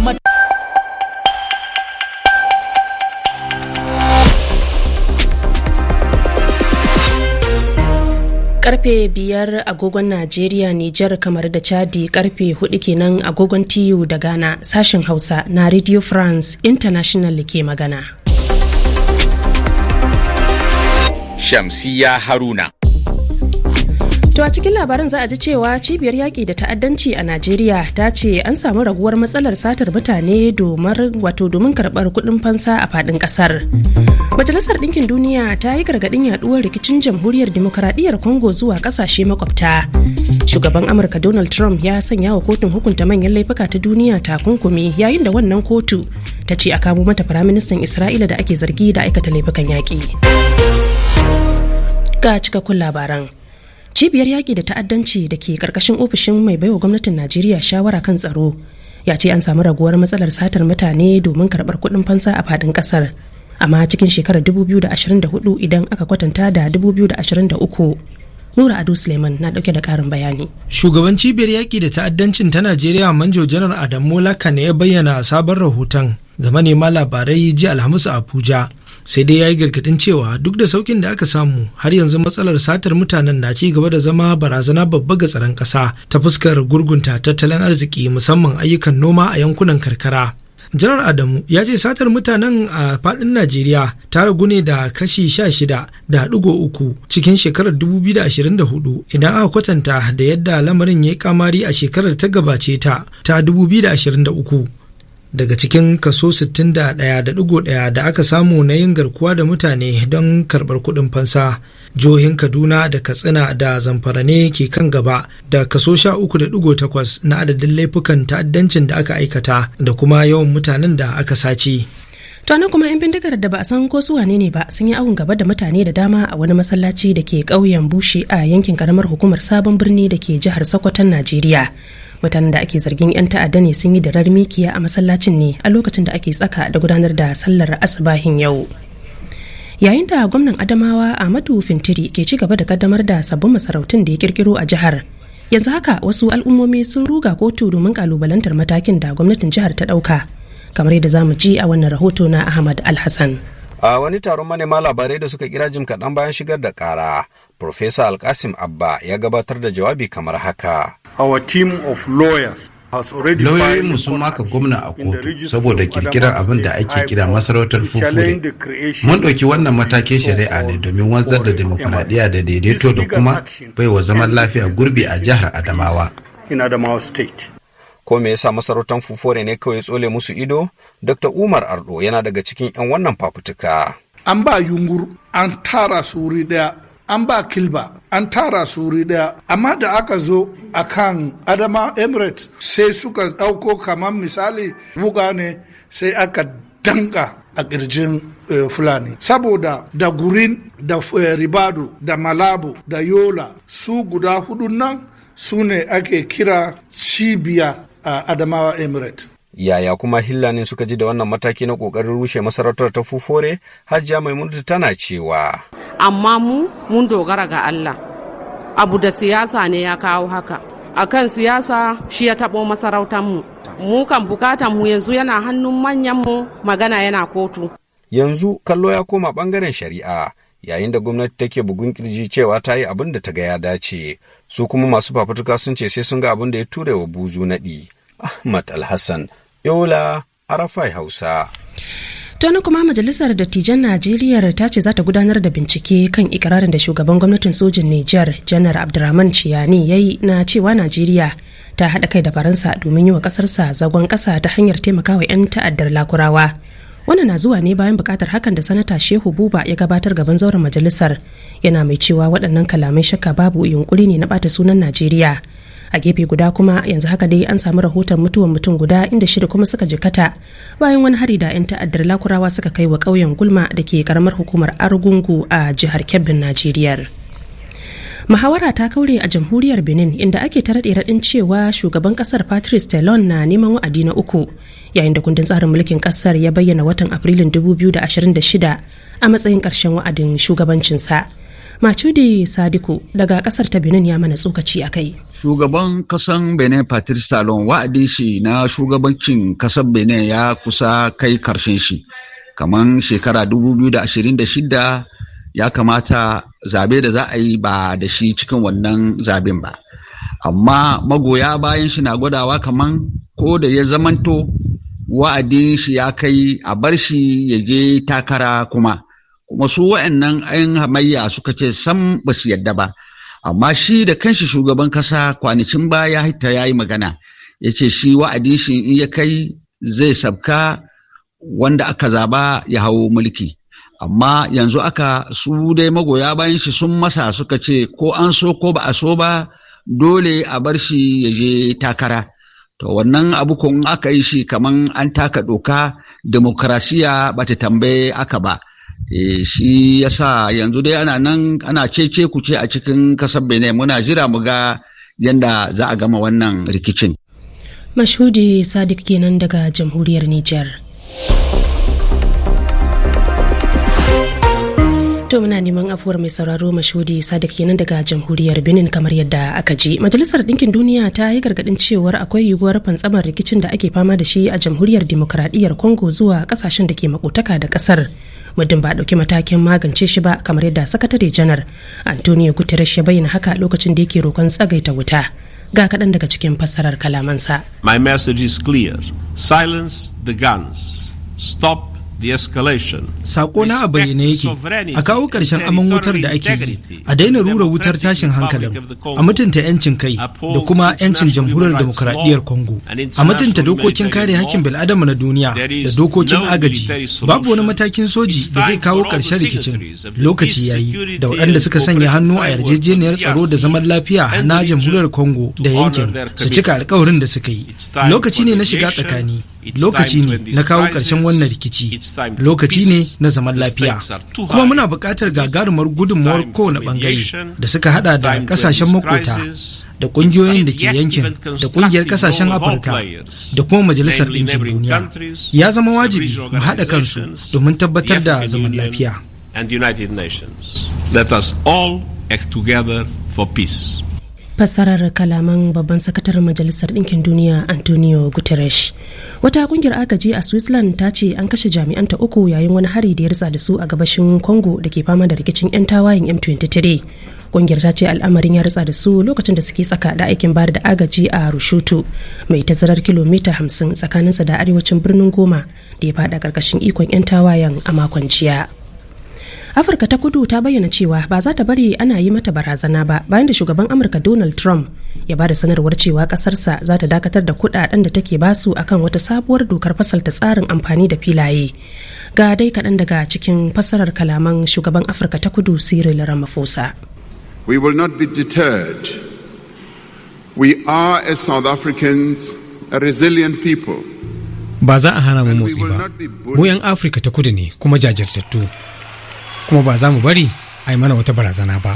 kuma karfe biyar agogon najeriya nijar kamar da chadi karfe hudu kenan agogon tiyu da ghana sashen hausa na radio france international ke magana shamsiya haruna To a cikin labarin za a ji cewa cibiyar yaƙi da ta'addanci a Najeriya ta ce an samu raguwar matsalar satar mutane domin wato domin karɓar kuɗin fansa a faɗin ƙasar. Majalisar Ɗinkin Duniya ta yi gargaɗin yaɗuwar rikicin jamhuriyar demokaradiyyar Congo zuwa ƙasashe makwabta. Shugaban Amurka Donald Trump ya sanya wa kotun hukunta manyan laifuka ta duniya takunkumi yayin da wannan kotu ta ce a kamo mata Firaministan Isra'ila da ake zargi da aikata laifukan yaƙi. Ga cikakkun labaran. cibiyar yaƙi da ta'addanci da ke ƙarƙashin ofishin mai baiwa gwamnatin najeriya shawara kan tsaro ya ce an samu raguwar matsalar satar mutane domin karɓar kuɗin fansa a faɗin ƙasar amma cikin shekarar 2024 idan aka kwatanta da 2023 Nura Ado Suleiman na dauke da karin bayani. Shugaban cibiyar yaƙi da ta'addancin ta Najeriya Manjo Janar Adamu Laka ya bayyana sabon rahoton ga manema labarai ji Alhamis a Abuja sai dai ya yi gargaɗin cewa duk da saukin da aka samu har yanzu matsalar satar mutanen na ci gaba da zama barazana babba ga tsaron ƙasa ta fuskar gurgunta tattalin arziki musamman ayyukan noma a yankunan karkara janar adamu ya ce satar mutanen a fadin najeriya ta ragu ne da kashi 16 da digo uku cikin shekarar 2024 idan aka kwatanta da yadda lamarin ya yi kamari a shekarar ta gabace ta ta 2023 daga cikin kaso 61.1 da aka samu na yin garkuwa da mutane don karbar kuɗin fansa jihohin kaduna da katsina da zamfara ne ke kan gaba da kaso 13.8 na adadin laifukan ta'addancin da aka aikata da kuma yawan mutanen da aka sace to kuma 'yan bindigar da ba a san ko su ne ba sun yi awon gaba da mutane da dama a wani masallaci da ke ƙauyen bushe a yankin karamar hukumar sabon birni da ke jihar sokoton najeriya mutanen da ake zargin 'yan ta'adda ne sun yi da mikiya a masallacin ne a lokacin da ake tsaka da gudanar da sallar asibahin yau yayin da gwamnan adamawa ahmadu fintiri ke ci gaba da kaddamar da sabbin masarautun da ya kirkiro a jihar yanzu haka wasu al'ummomi sun ruga kotu domin kalubalantar matakin da gwamnatin jihar ta dauka kamar yadda zamu mu ji a wannan rahoto na ahmad alhassan a wani taron manema labarai da suka kira jim kaɗan bayan shigar da ƙara Profesa Alkasim Abba ya gabatar da jawabi kamar haka. Our team of lawyers lauyoyinmu sun maka gwamna a kotu saboda kirkirar abin da ake kira masarautar fufure mun ɗauki wannan matakin shari'a ne domin wanzar da demokuraɗiyya da daidaito da kuma baiwa zaman lafiya gurbi a jihar adamawa ko me yasa masarautar fufure ne kawai tsole musu ido dr umar ardo yana daga cikin 'yan wannan fafutuka an ba yungur an tara su wuri daya an ba kilba an tara su wuri daya amma da aka zo a kan adama emirates sai suka ɗauko kamar misali buga ne sai aka danka a ƙirjin eh, fulani saboda da gurin da eh, ribado da malabo da yola su guda hudun nan su ne ake kira cibiya a adamawa emirates yaya kuma hillanin suka ji da wannan mataki na kokarin rushe masarautar ta fufore mai mutu tana cewa amma mu mun dogara ga allah abu da siyasa ne ya kawo haka akan siyasa shi ya taɓo masarautar mu mu kan bukatan mu yanzu yana hannun manyan magana yana kotu yanzu kallo ya koma bangaren shari'a yayin da gwamnati take bugun kirji cewa ta yi abin da ta ga ya dace su kuma masu fafutuka sun ce sai sun ga abin da ya ture wa buzu naɗi ahmad alhassan yola arafai hausa Tani kuma majalisar dattijan najeriya ta ce za ta gudanar da bincike kan ikirarin da shugaban gwamnatin sojin nijar janar abdurrahman ciyani ya yi na cewa najeriya ta haɗa kai da faransa domin yi wa ƙasarsa zagon ƙasa ta hanyar taimakawa 'yan ta'addar lakurawa wannan na zuwa ne bayan bukatar hakan da sanata shehu buba ya gabatar gaban zauren majalisar yana mai cewa waɗannan kalamai shakka babu yunkuri ne na bata sunan najeriya a gefe guda kuma yanzu haka dai an samu rahoton mutuwar mutum guda inda shida kuma suka jikata bayan wani hari da 'yan ta'addar lakurawa suka kai wa ƙauyen gulma da ke karamar hukumar argungu a jihar kebbin najeriya Muhawara ta kaure a jamhuriyar Benin inda ake ta raɗe raɗin cewa shugaban ƙasar Patrice Talon na neman wa'adi na uku yayin da kundin tsarin mulkin ƙasar ya bayyana watan Afrilun 2026 a matsayin ƙarshen wa'adin shugabancinsa. Machudi Sadiku daga ƙasar ta Benin ya mana tsokaci a kai. Shugaban kasan Benin Patrice Talon wa'adin shi na shugabancin kasan Benin ya kusa kai karshen shi. Kaman shekara 2026 ya kamata zabe da za a yi ba da shi cikin wannan zaben ba. Amma magoya bayan shi na gwadawa kaman ko da ya zamanto wa'adin shi ya kai a bar shi ya je takara kuma. Kuma su wa'annan 'yan hamayya suka ce sam ba su yadda ba. amma shi da kanshi shugaban kasa kwanacin baya ya ya yi magana ya ce shi wa'adin shi in ya kai zai sabka wanda aka zaba ya hau mulki amma yanzu aka su dai magoya bayan shi sun masa suka ce ko an so ko ba a so ba dole a bar shi ya je takara to wannan abu kun aka yi shi kaman an taka doka demokrasiya ba ta tambaye aka ba Eh, shi yasa yanzu dai ana nan ana cece ku ce a cikin kasar benin muna jira mu ga yadda za a gama wannan rikicin mashudi sadiq kenan daga jamhuriyar niger To muna neman afuwar mai sauraro mashudi Sadiq kenan daga jamhuriyar Benin kamar yadda aka ji. Majalisar Dinkin Duniya ta yi gargadin cewar akwai yiwuwar fantsamar rikicin da ake fama da shi a jamhuriyar demokradiyyar Congo zuwa kasashen da ke makotaka da ƙasar. muddin ba ɗauki matakin magance shi ba kamar yadda sakatare janar antonio guterres ya bayyana haka lokacin da yake roƙon tsagaita wuta ga kaɗan daga cikin fassarar kalamansa my message is clear silence the guns stop Sako na a bayyane yake a kawo karshen aman wutar da ake yi a daina rura wutar tashin hankalin a mutunta 'yancin kai da kuma 'yancin jamhuriyar demokuraɗiyyar Congo a mutunta dokokin kare hakkin bil'adama na duniya da dokokin agaji babu wani matakin soji da zai kawo karshen rikicin lokaci yayi da waɗanda suka sanya hannu a yarjejeniyar tsaro da e zaman lafiya na jamhuriyar Congo da yankin su cika alkawarin da suka yi lokaci ne na shiga tsakani lokaci ne na kawo ƙarshen wannan rikici lokaci ne na zaman lafiya kuma muna buƙatar gagarumar gudunmuwar kowane ɓangare da suka hada da ƙasashen makota da ƙungiyoyin da ke yankin da ƙungiyar ƙasashen afirka da kuma majalisar ɗinkin duniya ya zama wajibi mu haɗa kansu domin tabbatar da zaman lafiya and United Nations. Let us act together for peace. fassarar kalaman babban sakataren majalisar ɗinkin duniya antonio guterres wata kungiyar agaji a switzerland ta ce an kashe jami'anta uku yayin wani hari da ya ritsa da su a gabashin congo da ke fama da rikicin 'yan tawayen m23 kungiyar ta ce al'amarin ya ritsa da su lokacin da suke tsaka da aikin bada da agaji a rushutu mai tazarar kilomita 50 tsakaninsa da arewacin birnin goma da ya fada karkashin ikon 'yan tawayen a makon jiya afirka ta kudu ta bayyana cewa ba za ta bari ana yi mata barazana ba bayan da shugaban amurka donald trump ya ba da sanarwar cewa kasarsa za ta dakatar da kudaden da take basu akan wata sabuwar dokar ta tsarin amfani da filaye ga dai kaɗan daga cikin fasarar kalaman shugaban afirka ta kudu cyril ramaphosa we will not be deterred we are as south africans a resilient people ba za a hana mu motsi ba mu afirka ta kudu ne kuma jajirtattu kuma ba za mu bari a yi mana wata barazana ba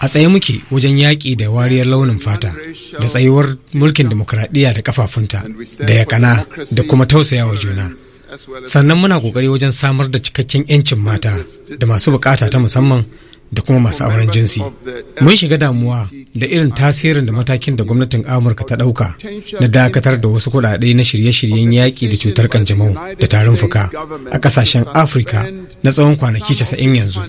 a tsaye muke wajen yaƙi da wariyar launin fata da tsayuwar mulkin demokuraɗiyya da kafafunta da yakana da kuma tausayawa juna sannan muna ƙoƙari wajen samar da cikakken 'yancin mata da masu bukata ta musamman da kuma masu auren jinsi. Mun shiga damuwa da irin tasirin da matakin da gwamnatin Amurka ta ɗauka na dakatar da wasu kuɗaɗe na shirye-shiryen yaƙi da cutar kanjamau da tarin fuka a ƙasashen Afirka na tsawon kwanaki casa'in yanzu.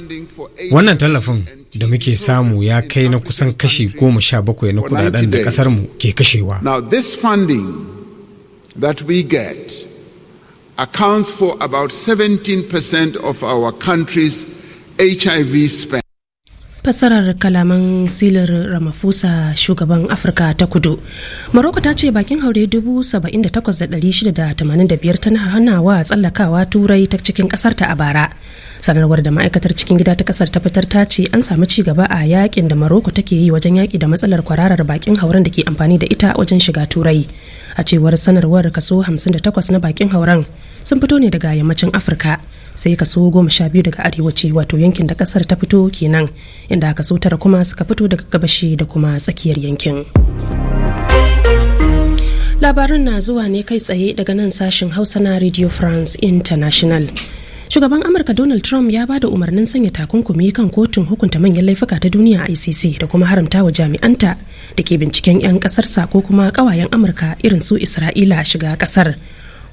Wannan tallafin da muke samu ya kai na kusan kashi goma sha bakwai na kuɗaɗen da ƙasarmu ke kashewa. accounts for about 17% of our country's HIV spend. fassarar kalaman silar ramafusa shugaban afirka ta kudu maroko ta ce bakin haure 78,685 tana hanawa tsallakawa turai ta cikin ta a bara sanarwar da ma'aikatar cikin gida ta kasar ta fitar ta ce an samu ci gaba a yakin da maroko take yi wajen yaki da matsalar kwararar bakin hauren da ke amfani da ita wajen shiga turai a cewar sanarwar kaso 58 na bakin hauren sun fito ne daga yammacin afirka sai kaso goma sha biyu daga arewaci wato yankin da kasar ta fito kenan inda kaso tara kuma suka fito daga gabashi da kuma tsakiyar yankin labarun na zuwa ne kai tsaye daga nan sashen hausa na radio france international shugaban amurka donald trump ya ba da umarnin sanya takunkumi kan kotun hukunta manyan laifuka ta duniya icc da kuma haramta wa jami'anta da ke binciken 'yan kasarsa ko kuma kawayen amurka irin su isra'ila shiga kasar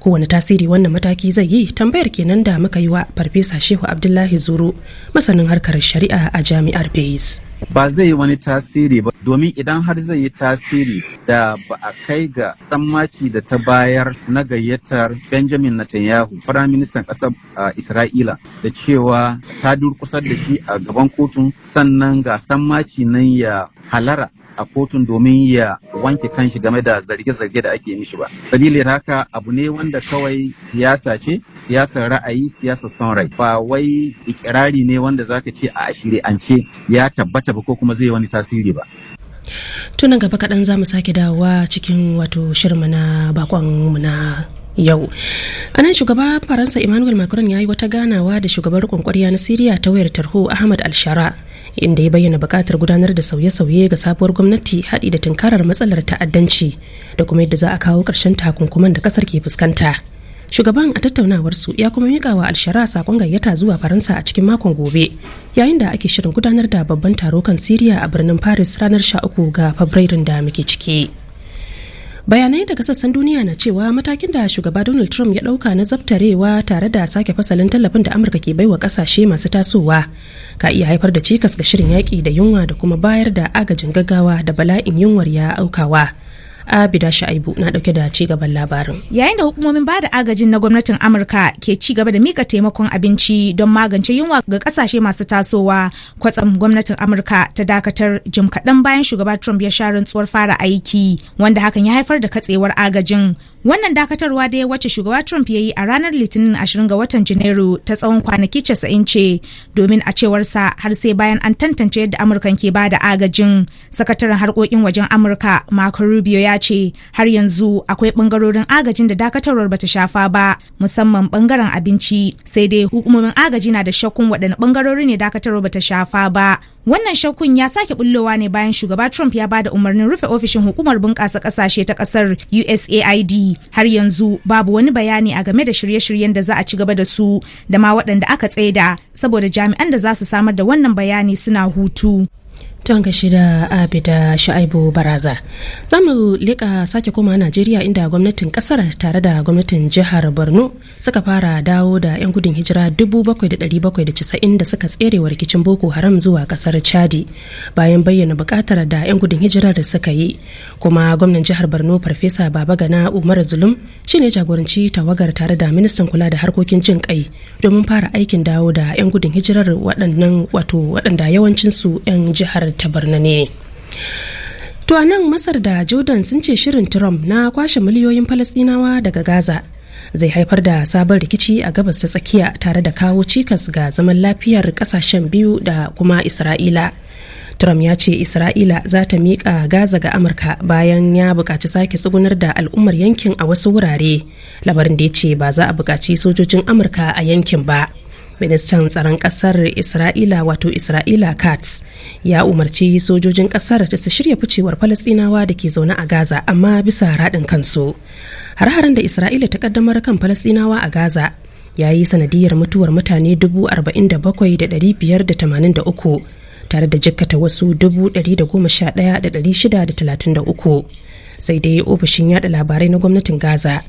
kowane tasiri wannan mataki zai yi tambayar kenan da muka yi wa farfesa shehu abdullahi zuru masanin harkar shari'a a jami'ar bayes ba zai yi wani tasiri ba domin idan har zai yi tasiri da ba a kai ga sammaci da ta bayar na gayyatar benjamin netanyahu firayim ministan ƙasar isra'ila da cewa ta durkusar da shi a gaban kotun sannan ga sammaci nan ya halara a kotun domin ya wanke kanshi game da zarge-zarge da ake mishi ba dalilin haka abu ne wanda kawai siyasa ce siyasar ra'ayi siyasar son rai ba wai ikirari ne wanda zaka ce a ashirin an ce, ya tabbata ba ko kuma zai wani tasiri ba tunan gaba kaɗan za mu sake dawowa cikin wato shirma na bakon na yau a nan shugaba faransa emmanuel macron ya yi wata ganawa da shugaban rukun kwarya na siriya ta wayar tarho ahmad alshara inda ya bayyana bukatar gudanar da sauye-sauye ga sabuwar gwamnati haɗi da tunkarar matsalar ta'addanci da kuma yadda za a kawo karshen takunkuman da kasar ke fuskanta shugaban a tattaunawarsu ya kuma miƙa wa alshara sakon gayyata zuwa faransa a cikin makon gobe yayin da ake shirin gudanar da babban taro kan siriya a birnin paris ranar 13 ga fabrairun da muke ciki. bayanai daga sassan duniya na cewa matakin da shugaba donald trump ya dauka na zabtarewa tare da sake fasalin tallafin da amurka ke baiwa kasashe masu tasowa ka iya haifar da cikas ga shirin yaki da yunwa da kuma bayar da agajin gaggawa da bala'in yunwar ya aukawa Abida Sha'ibu na dauke da ci gaban labarin. Yayin da hukumomin bada agajin na gwamnatin Amurka ke ci gaba da mika taimakon abinci don magance yunwa ga kasashe masu tasowa, kwatsam gwamnatin Amurka ta dakatar jim kaɗan bayan shugaba Trump ya sha rantsuwar fara aiki, wanda hakan ya haifar da katsewar agajin. Wannan dakatarwa da ya wace shugaba Trump ya yi a ranar Litinin 20 ga watan Janairu ta tsawon kwanaki 90 ce domin a cewarsa har sai bayan an tantance yadda Amurkan ke ba da agajin. Sakataren harkokin wajen Amurka Marco Rubio ya ce har yanzu akwai bangarorin agajin da dakatarwar bata shafa ba musamman bangaren abinci sai dai hukumomin agaji na da shakkun waɗanne bangarori ne dakatarwar bata shafa ba. Wannan shakkun ya sake bullowa ne bayan shugaba Trump ya bada umarnin rufe ofishin hukumar bunƙasa ƙasashe ta ƙasar USAID har yanzu babu wani bayani a game da shirye-shiryen da za a ci gaba da su da ma waɗanda aka tsaida saboda jami'an da za su samar da wannan bayani suna hutu tun gashi da abida sha'aibu baraza za mu lika sake koma najeriya inda gwamnatin kasar tare da gwamnatin jihar borno suka fara dawo da 'yan gudun hijira 7,790 da suka tserewa rikicin boko haram zuwa kasar chadi bayan bayyana bukatar da 'yan gudun hijirar da suka yi kuma gwamnan jihar borno farfesa baba gana umar zulum shine jagoranci tawagar tare da ministan kula da harkokin jin kai domin fara aikin dawo da 'yan gudun hijirar waɗannan wato waɗanda yawancinsu 'yan jihar ta birni ne to nan masar da jordan sun ce shirin trump na kwashe miliyoyin falasinawa daga gaza zai haifar da sabon rikici a gabas ta tsakiya tare da kawo cikas ga zaman lafiyar kasashen biyu da kuma isra'ila trump ya ce isra'ila za ta miƙa gaza ga amurka bayan ya buƙaci sake tsugunar da al'ummar yankin a wasu wurare labarin da ya ce ba za a buƙaci sojojin amurka a yankin ba ministan tsaron kasar isra'ila wato isra'ila katz ya umarci sojojin kasar da su shirya ficewar falasinawa da ke zaune a gaza amma bisa raɗin kansu har da isra'ila ta kaddamar kan falasinawa a gaza ya yi sanadiyar mutuwar mutane 47,583 tare da jikkata wasu 111,633 sai dai ofishin yada labarai na gwamnatin gaza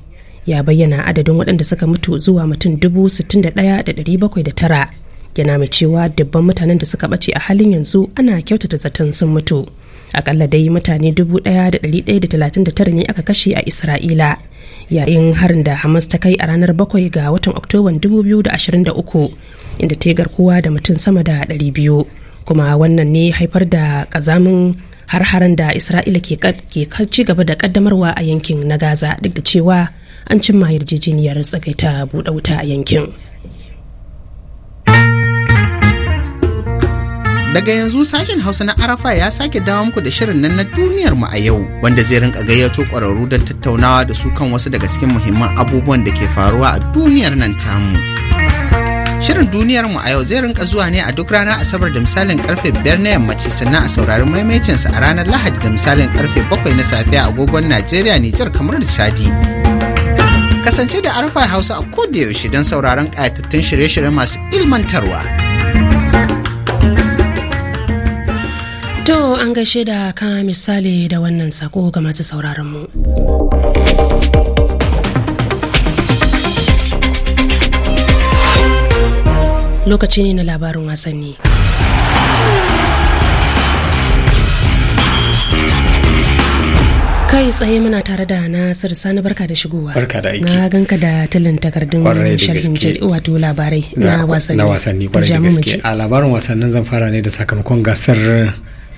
ya bayyana adadin waɗanda suka mutu zuwa mutum dubu sittin da ɗaya da ɗari bakwai da tara yana mai cewa dubban mutanen da suka ɓace a halin yanzu ana kyautata zaton sun mutu akalla dai mutane tara ne aka kashe a isra'ila yayin harin da hamas ta kai a ranar bakwai ga watan oktoban 2023 inda ta garkuwa da mutum sama da ɗari 200 kuma wannan ne haifar da ƙazamin har-haren da isra'ila ke ci gaba da kaddamarwa a yankin na gaza duk da cewa an cimma yarjejeniyar tsagaita buɗe wuta a yankin Daga yanzu sashen Hausa na Arafa ya sake dawo muku da shirin nan na duniyar mu a yau wanda zai rinka gayyato ƙwararru don tattaunawa da su kan wasu daga cikin muhimman abubuwan da ke faruwa a duniyar nan tamu. Shirin duniyar mu a yau zai rinka zuwa ne a duk ranar Asabar da misalin karfe biyar na yammaci sannan a saurari maimaicinsa a ranar Lahadi da misalin karfe bakwai na safiya agogon Najeriya, Nijar, kamar da Chadi. Kasance da Arfa Hausa a koda yaushe don sauraron ƙayatattun shirye-shirye masu ilmantarwa. To an gaishe da ka misali da wannan sako ga masu sauraron mu. Lokaci ne na labarin wasanni. kai tsaye muna tare da nasir sani barka da shigowa barka da aiki na ganka da tilin takardun sharhin wato labarai na wasanni na wasanni kwarai da gaske a labarin wasannin zan fara ne da sakamakon gasar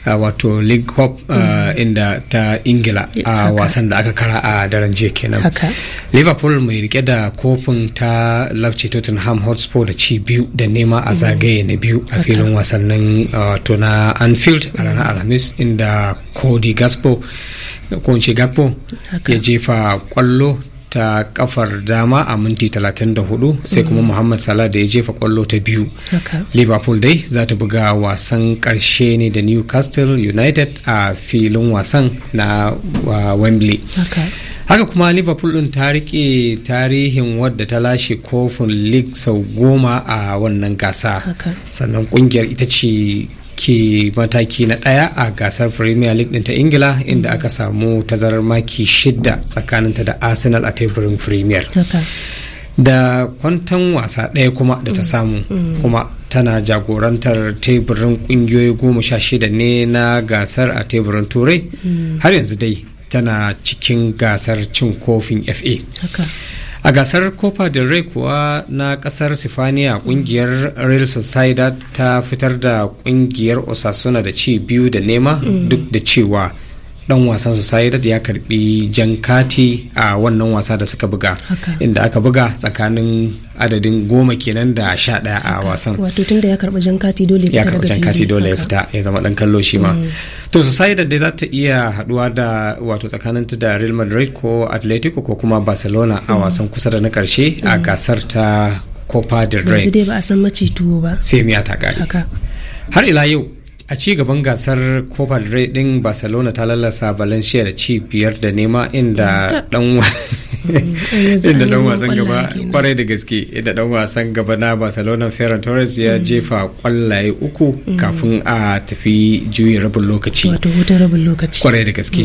Uh, wato league cup uh, mm. inda ta ingila a wasan da aka kara a daren jiya kenan liverpool mai rike da kofin ta lafce tottenham hotspur da ci biyu da nema a mm. zagaye na biyu a filin wasannin wato na anfield a ranar mm. alhamis inda cody gaspo ko ce gaspo ya jefa kwallo ta kafar dama a minti 34 sai kuma mm. muhammad salah da ya jefa kwallo ta biyu liverpool dai za ta buga wasan karshe ne da newcastle united a filin wasan na wembley haka kuma liverpool din ta rike tarihin wadda ta lashe kofin league sau goma a wannan gasa sannan kungiyar ita ce ke mataki na ɗaya a gasar premier league ɗin ta ingila inda aka samu tazarar maki shidda tsakaninta da arsenal a teburin premier da kwantan wasa ɗaya kuma da ta mm. samu mm. kuma tana jagorantar teburin ƙungiyoyi goma sha shida ne na gasar a teburin turai mm. har yanzu dai tana cikin gasar cin kofin fa a gasar copa del rey kuwa na kasar sifaniya kungiyar real sociedad ta fitar da kungiyar osasuna da ci biyu da nema mm. duk da cewa dan wasan sociedad ya karbi jan kati a wannan wasa da suka buga inda aka buga tsakanin adadin goma kenan da sha daya a wasan wato da ya karbi jan kati dole ya karbi jan kati dole ya fita ya zama dan kallo shi ma mm. to sociedad dai za ta iya haduwa da wato tsakanin ta da real madrid ko atletico ko kuma barcelona a mm. wasan kusa da na karshe a mm. gasar ta copa del rey yanzu ba a san mace tuwo ba sai miya ta kare har ila yau a ci gaban gasar copa del rey din barcelona ta lalasa valencia da ci biyar da nema inda dan mm, inda dan wasan gaba kwarai da gaske inda dan wasan gaba na barcelona ferran torres ya mm. jefa kwallaye uku mm. kafin a tafi juyin rabin lokaci wato rabin lokaci kwarai da gaske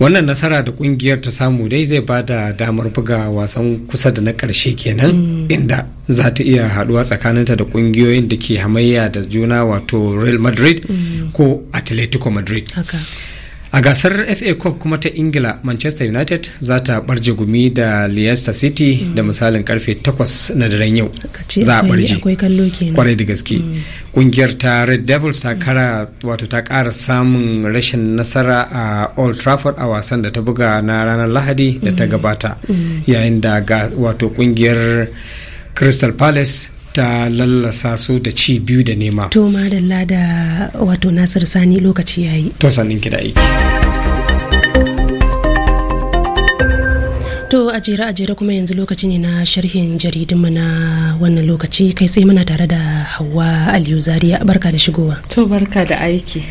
wannan nasara da kungiyar ta samu dai zai ba da damar buga wasan kusa da na karshe kenan mm. inda za ta iya haɗuwa tsakaninta da kungiyoyin da ke hamayya da juna wato real madrid mm. ko atletico madrid a gasar fa cup kuma ta ingila manchester united za ta barje gumi da leicester city mm. da misalin karfe 8 na daren yau za a barje kwarai da gaske mm. kungiyar ta red devils ta kara wato ta kara samun rashin nasara a old trafford a wasan da ta buga na ranar lahadi da ta mm. gabata mm. yayin da wato kungiyar crystal palace ta lallasa su da ci biyu da nema to madalla da wato nasir sani lokaci ya yi. to sannin ki da aiki To a jere a jere kuma yanzu lokaci ne na sharhin jaridunmu na wannan lokaci kai sai muna tare da Hauwa Aliyu Zaria barka da shigowa. To barka da aiki.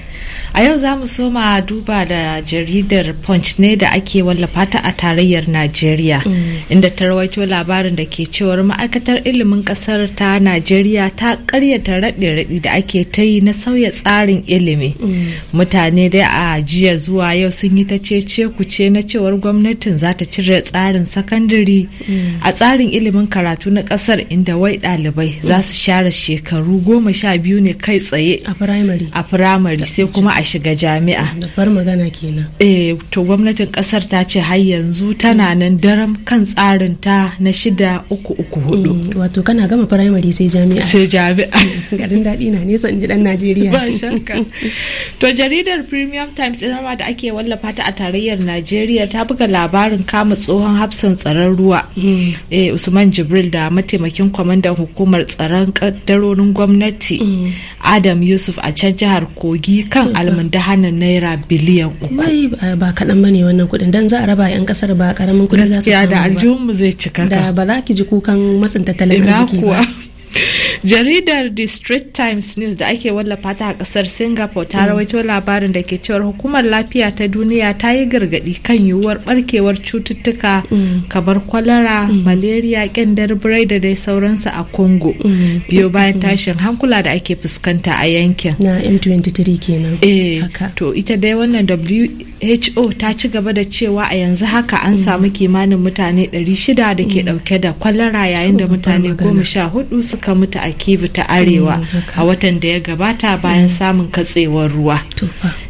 a yau za mu soma duba da jaridar punch ne da ake wallafa ta a tarayyar najeriya mm. inda ta rawaito labarin da ke cewar ma'aikatar ilimin kasar ta najeriya ta karyata raɗe-raɗi da ake ta yi na sauya tsarin ilimi mm. mutane dai a jiya zuwa yau sun yi ta cece ce na cewar gwamnatin za ta cire tsarin sakandare mm. a tsarin ilimin karatu na kasar inda wai ɗalibai za su share shekaru goma sha biyu ne kai tsaye a firamare sai kuma a shiga jami'a Da far magana kenan eh to gwamnatin kasar ta ce har yanzu tana nan daram kan tsarin ta na shida uku uku hudu mm, wato kana gama firamare sai jami'a sai jami'a garin daɗi na nesa in ji dan najeriya ba shakka to jaridar premium times ɗin da ake wallafa ta a tarayyar najeriya ta buga labarin kama tsohon hafsan tsaron ruwa mm. eh, usman jibril da mataimakin kwamandan hukumar tsaron kaddarorin gwamnati mm. adam yusuf a can jihar kogi kan kan almundahanar naira biliyan uku. Mai ba kaɗan bane wannan kuɗin dan za a raba 'yan ƙasar ba ƙaramin kuɗi za su samu ba. Gaskiya da aljihunmu zai cika. Da ba za ki ji kukan matsin tattalin arziki ba. jaridar the street times news da ake wallafa ta a kasar singapore ta hmm. rawaito labarin da ke cewar hukumar lafiya ta duniya ta yi gargadi kan yiwuwar barkewar cututtuka hmm. kamar kwalara hmm. malaria kyandar birai da dai sauransu a congo biyo bayan tashin hankula da ake fuskanta a yankin na m23 kenan eh to ita dai wannan who ta ci gaba da cewa a yanzu haka an mm. samu kimanin mutane 600 da ke dauke mm. da kwalara yayin da mutane 14 suka mutu a kivu ta arewa mm, a watan da ya gabata bayan samun katsewar ruwa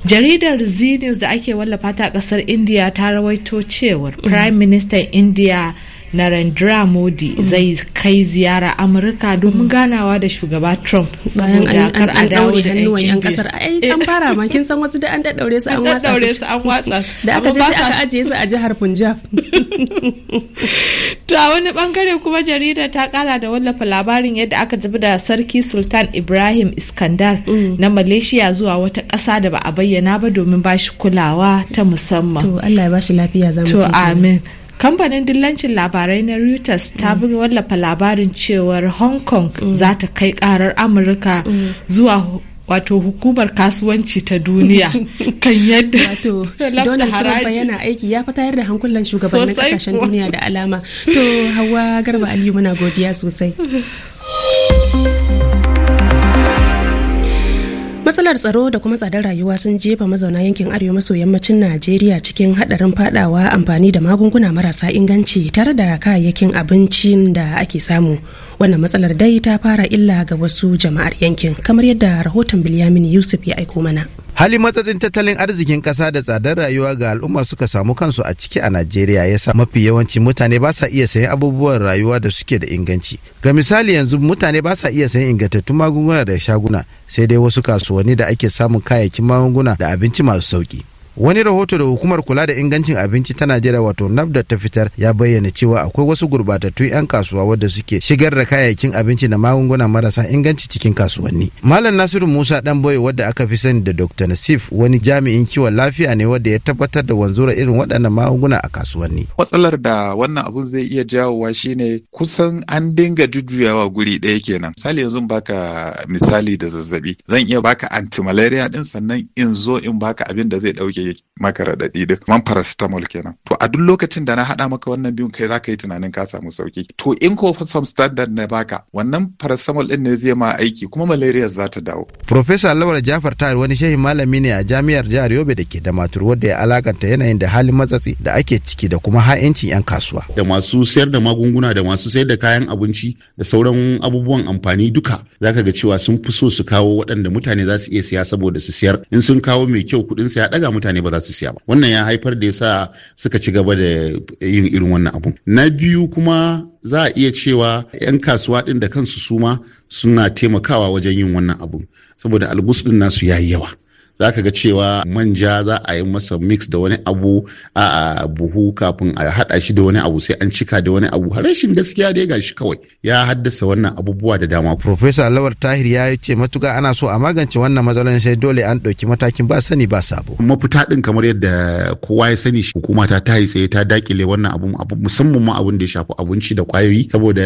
jaridar z news da ake wallafa ta kasar india ta rawaito cewar prime minister india Narendra Modi mm. zai kai ziyara Amurka domin mm. ganawa da shugaba Trump bayan an daure hannuwan 'yan kasar ai an eh. fara ma kin san wasu da an daddaure su an watsa su an watsa da aka je sai aka ajiye su a jihar Punjab to a wani bangare kuma jarida ta kara da wallafa labarin yadda aka tafi da sarki Sultan Ibrahim Iskandar mm. na Malaysia zuwa wata ƙasa da ba a bayyana ba domin ba shi kulawa ta musamman to Allah ya ba shi lafiya zamu to amin kamfanin dillancin labarai na reuters ta mm. wallafa labarin cewar hong kong mm. za ta kai karar amurka mm. zuwa wato hukumar kasuwanci ta duniya kan yadda wato Donald Trump yana aiki ya fitar da hankulan shugabannin kasashen duniya da alama to hawa garba aliyu muna godiya sosai matsalar tsaro da kuma tsadar rayuwa sun jefa mazauna yankin arewa maso yammacin najeriya cikin hadarin fadawa amfani da magunguna marasa inganci tare da kayayyakin abincin da ake samu wannan matsalar dai ta fara illa ga wasu jama'ar yankin kamar yadda rahoton bilyamin yusuf ya aiko mana hali matsatsin tattalin arzikin ƙasa da tsadar rayuwa ga al'umma suka samu kansu a ciki a najeriya ya sa mafi yawanci mutane ba sa iya sayan abubuwan rayuwa da suke da inganci ga misali yanzu mutane ba sa iya sayan ingantattun magunguna da shaguna sai dai wasu kasuwanni da ake samun kayayyakin magunguna da abinci masu sauƙi. wani rahoto da hukumar kula da ingancin abinci ta najeriya wato nafda ta fitar ya bayyana cewa akwai wasu gurbatattu 'yan kasuwa wadda suke shigar da kayayyakin abinci da magunguna marasa inganci cikin kasuwanni malam nasiru musa dan boye wadda aka fi sani da dr nasif wani jami'in kiwon lafiya ne wadda ya tabbatar da wanzura irin waɗannan magunguna a kasuwanni matsalar da wannan abun zai iya jawowa shine kusan an dinga jujjuyawa guri ɗaya kenan misali yanzu baka misali da zazzabi zan iya baka antimalariya ɗin din sannan in zo in baka abin da zai ɗauke maka raɗaɗi din man paracetamol kenan to a duk lokacin da na haɗa maka wannan biyun kai zaka yi tunanin ka samu sauki to in ko some standard na baka wannan paracetamol din ne zai ma aiki kuma malaria za ta dawo professor lawal jafar tahir wani shehin malami ne a jami'ar jihar yobe da ke da matur wadda ya alakanta yanayin da halin matsatsi da ake ciki da kuma ha'incin yan kasuwa da masu sayar da magunguna da masu sayar da kayan abinci da sauran abubuwan amfani duka zaka ga cewa sun fi so su kawo waɗanda mutane za su iya siya saboda su siyar in sun kawo mai kyau kuɗin ya ɗaga mutane mutane ba za su siya ba wannan ya haifar da yasa suka ci gaba da yin irin wannan abun na biyu kuma za a iya cewa 'yan kasuwa ɗin da kansu suma suna taimakawa wajen yin wannan abun saboda albus ɗin nasu ya yi yawa za ka ga cewa manja za a yi masa mix da wani abu a buhu kafin a haɗa shi da wani abu sai an cika da wani abu rashin gaskiya da ga shi kawai ya haddasa wannan abubuwa da dama. Profesa Lawal Tahir ya ce matuka ana so a magance wannan matsalar sai dole an ɗauki matakin ba sani ba sabo. Mafita ɗin kamar yadda kowa ya sani hukuma ta tayi tsaye ta dakile wannan abu musamman ma abun da ya shafi abinci da kwayoyi saboda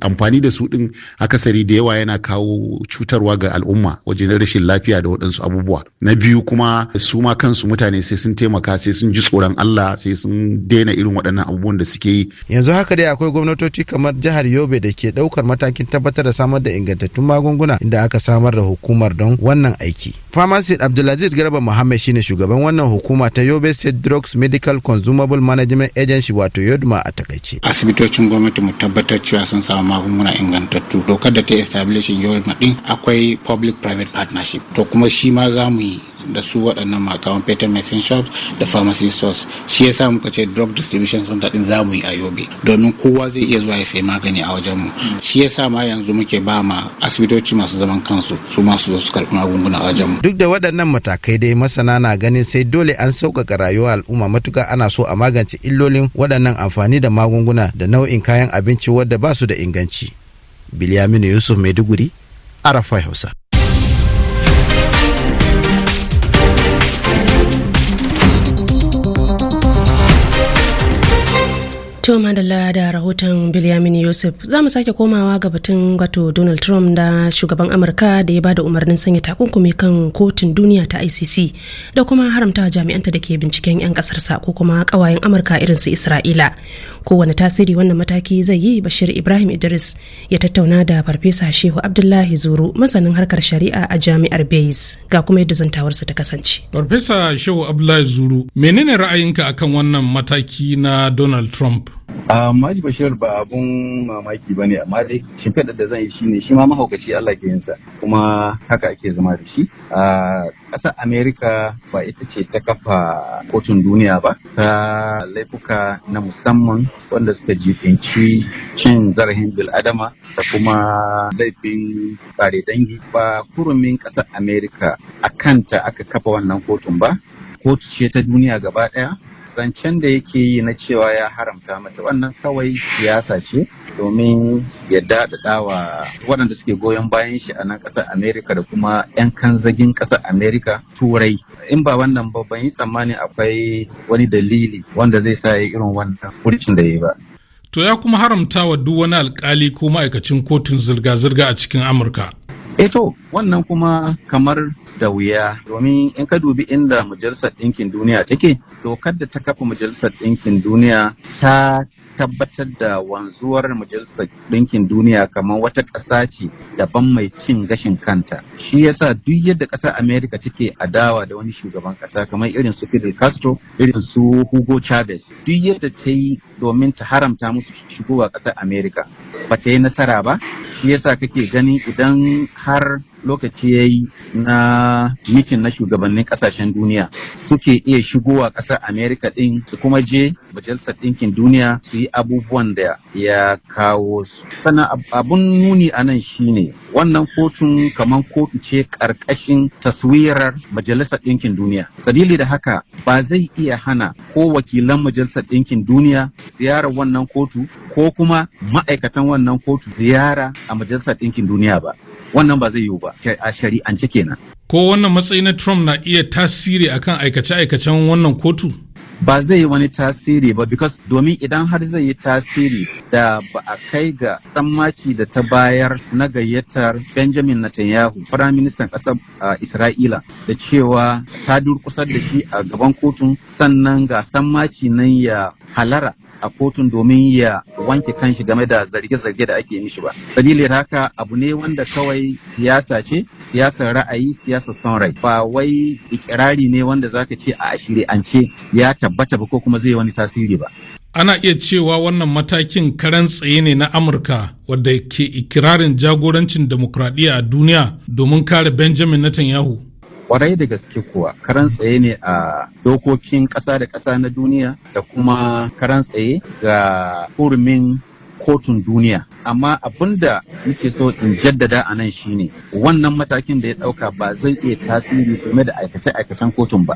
amfani da su ɗin akasari da yawa yana kawo cutarwa ga al'umma wajen rashin lafiya da waɗansu abubuwa. na biyu kuma su ma kansu mutane sai sun taimaka sai sun ji tsoron Allah sai sun daina irin waɗannan abubuwan da suke yi yanzu haka dai akwai gwamnatoci kamar jihar Yobe da ke ɗaukar matakin tabbatar da samar da ingantattun magunguna inda aka samar da hukumar don wannan aiki pharmacist Abdulaziz Garba Muhammad shine shugaban wannan hukuma ta Yobe State Drugs Medical Consumable Management Agency wato Yodma a takaice asibitocin gwamnati mu tabbatar cewa sun samu magunguna ingantattu dokar da ta establishing Yodma din akwai public private partnership to kuma shi ma za mu yi da su waɗannan makaman peter medicine shops da pharmacy stores shi yasa muka ce drug distribution center za mu yi a yobe domin kowa zai iya zuwa ya sai magani a wajen mu shi yasa ma yanzu muke ba ma asibitoci masu zaman kansu su masu zo su karɓi magunguna a wajen duk da waɗannan matakai dai masana na ganin sai dole an sauƙaƙa rayuwa al'umma matuƙa ana so a magance illolin waɗannan amfani da magunguna da nau'in kayan abinci wadda ba su da inganci biliyaminu yusuf maiduguri arafa hausa To madalla da rahoton Bilyamin Yusuf za mu sake komawa ga batun wato Donald Trump da shugaban Amurka da ya ba da umarnin sanya takunkumi kan kotun duniya ta ICC da kuma haramta jami'anta da ke binciken 'yan kasarsa ko kuma kawayen Amurka irin su Isra'ila. Kowane tasiri wannan mataki zai yi Bashir Ibrahim Idris ya tattauna da Farfesa Shehu Abdullahi Zuru masanin harkar shari'a a jami'ar Bayes ga kuma yadda zantawarsa ta kasance. Farfesa Shehu Abdullahi Zuru menene ra'ayinka akan wannan mataki na Donald Trump? maji bashir ba abun mamaki ba ne amma dai shimfiɗar da zan yi ne shi ma mahaukaci allah ke yinsa kuma haka ake zama da shi a ƙasar Amerika ba ita ce ta kafa kotun duniya ba ta laifuka na musamman wanda suka jifinci cin zarafin bil'adama da kuma laifin ƙare dangi ba kurumin ƙasar Amerika a kanta aka kafa wannan kotun ba kotu ce ta duniya gaba ɗaya zancen da yake yi na cewa ya haramta mata wannan kawai siyasa ce domin ya daɗaɗa wa waɗanda suke goyon bayan shi a nan ƙasar Amerika da kuma 'yan kanzagin ƙasar Amerika turai. In ba wannan ba yi tsammani akwai wani dalili wanda zai sa ya irin wannan furcin da ya ba. To ya kuma haramta wa duk wani alkali ko ma'aikacin kotun zirga-zirga a cikin Amurka E to wannan kuma kamar da wuya domin in ka dubi inda majalisar ɗinkin duniya take dokar da ta kafa majalisar ɗinkin duniya ta tabbatar da wanzuwar majalisar ɗinkin duniya kamar wata ƙasa ce daban mai cin gashin kanta shi yasa duk yadda ƙasar amerika take adawa da wani shugaban ƙasa kamar irin su fidel castro irin su hugo chavez duk yadda ta yi domin ta haramta musu shigowa ƙasar Amerika, ba ta yi nasara ba shi yasa kake ganin idan har lokaci ya yi na mitin na shugabannin kasashen duniya suke iya shigowa ƙasar amerika din su kuma je majalisar ɗinkin duniya su yi abubuwan da ya kawo su sannan abun nuni a nan shine wannan kotun kamar kotu ce ƙarƙashin taswirar majalisar ɗinkin duniya sabili da haka ba zai iya hana ko wakilan majalisar ɗinkin duniya ziyarar wannan kotu ko kuma ma'aikatan wannan kotu ziyara a majalisar ɗinkin duniya ba wannan ba zai yiwu ba a shari'ance kenan ko wannan matsayi na trump na iya tasiri akan aikace-aikacen wannan kotu ba zai yi wani tasiri ba because domin idan har zai yi tasiri da ba a kai ga tsammaci da ta bayar na gayyatar benjamin netanyahu prime minister kasar isra'ila da cewa ta durkusar da shi a gaban kotun sannan ga tsammaci nan ya halara a kotun domin ya wanke kanshi game da zarge-zarge da ake mishi ba dalilin haka abu ne wanda kawai siyasa ce siyasar ra'ayi siyasar son rai ba wai ikirari ne wanda zaka ce a ashirin an ce. ya tabbata ba ko kuma zai wani tasiri ba ana iya cewa wannan matakin karan tsaye ne na amurka wadda ke ikirarin jagorancin demokradiyya a duniya domin kare benjamin netanyahu kwarai da gaske kuwa karan tsaye ne a dokokin ƙasa da ƙasa na duniya da kuma karan tsaye ga hurumin kotun duniya amma abin da muke so in jaddada a nan shine wannan matakin da ya ɗauka ba zai iya tasiri game da aikace-aikacen kotun ba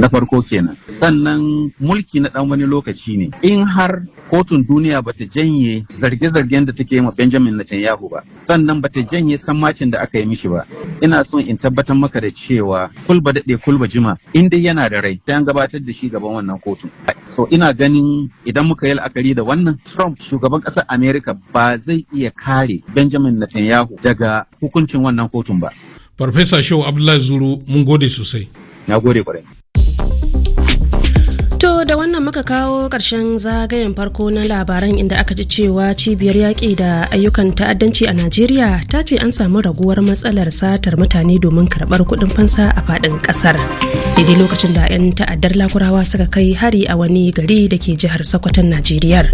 na farko kenan sannan mulki na ɗan wani lokaci ne in har kotun duniya ba ta janye zarge-zargen da take ma benjamin na netanyahu ba sannan ba ta janye sammacin da aka yi mishi ba ina so in tabbatar maka da cewa kulba daɗe kulba jima in dai yana da rai ta gabatar da shi gaban wannan kotun So ina ganin idan muka yi la'akari da wannan Trump shugaban ƙasar Amerika ba zai iya kare Benjamin Netanyahu daga hukuncin wannan kotun ba. Farfesa Shehu Abdullahi Zuru mun gode sosai. Na gode kwarai. To da wannan muka kawo ƙarshen zagayen farko na labaran inda aka ji cewa cibiyar yaƙi da ayyukan ta'addanci a Najeriya ta ce an samu raguwar matsalar satar mutane domin karɓar kuɗin fansa a faɗin ƙasar. daidai lokacin da 'yan ta'addar lakurawa suka kai hari a wani gari da ke jihar sokoton najeriya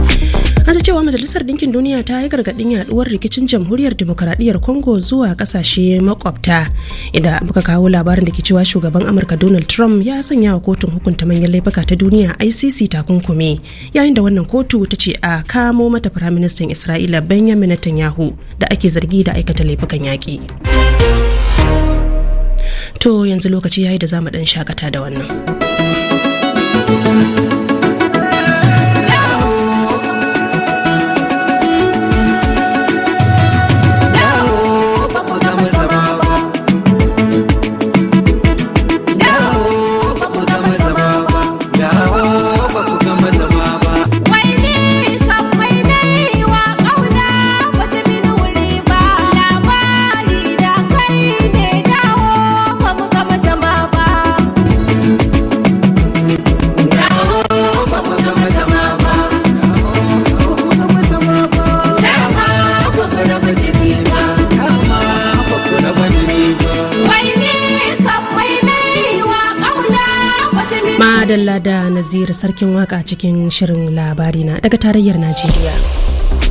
an cewa majalisar ɗinkin duniya ta yi gargaɗin yaduwar rikicin jamhuriyar demokuraɗiyyar congo zuwa kasashe makwabta idan muka kawo labarin da ke cewa shugaban amurka donald trump ya sanya wa kotun hukunta manyan laifuka ta duniya icc takunkumi yayin da wannan kotu ta ce a kamo mata firaministan isra'ila benjamin netanyahu da ake zargi da aikata laifukan yaƙi. to yanzu lokaci ya yi da zamu dan shakata da wannan Nazir sarkin waka cikin shirin labari na daga tarayyar Najeriya.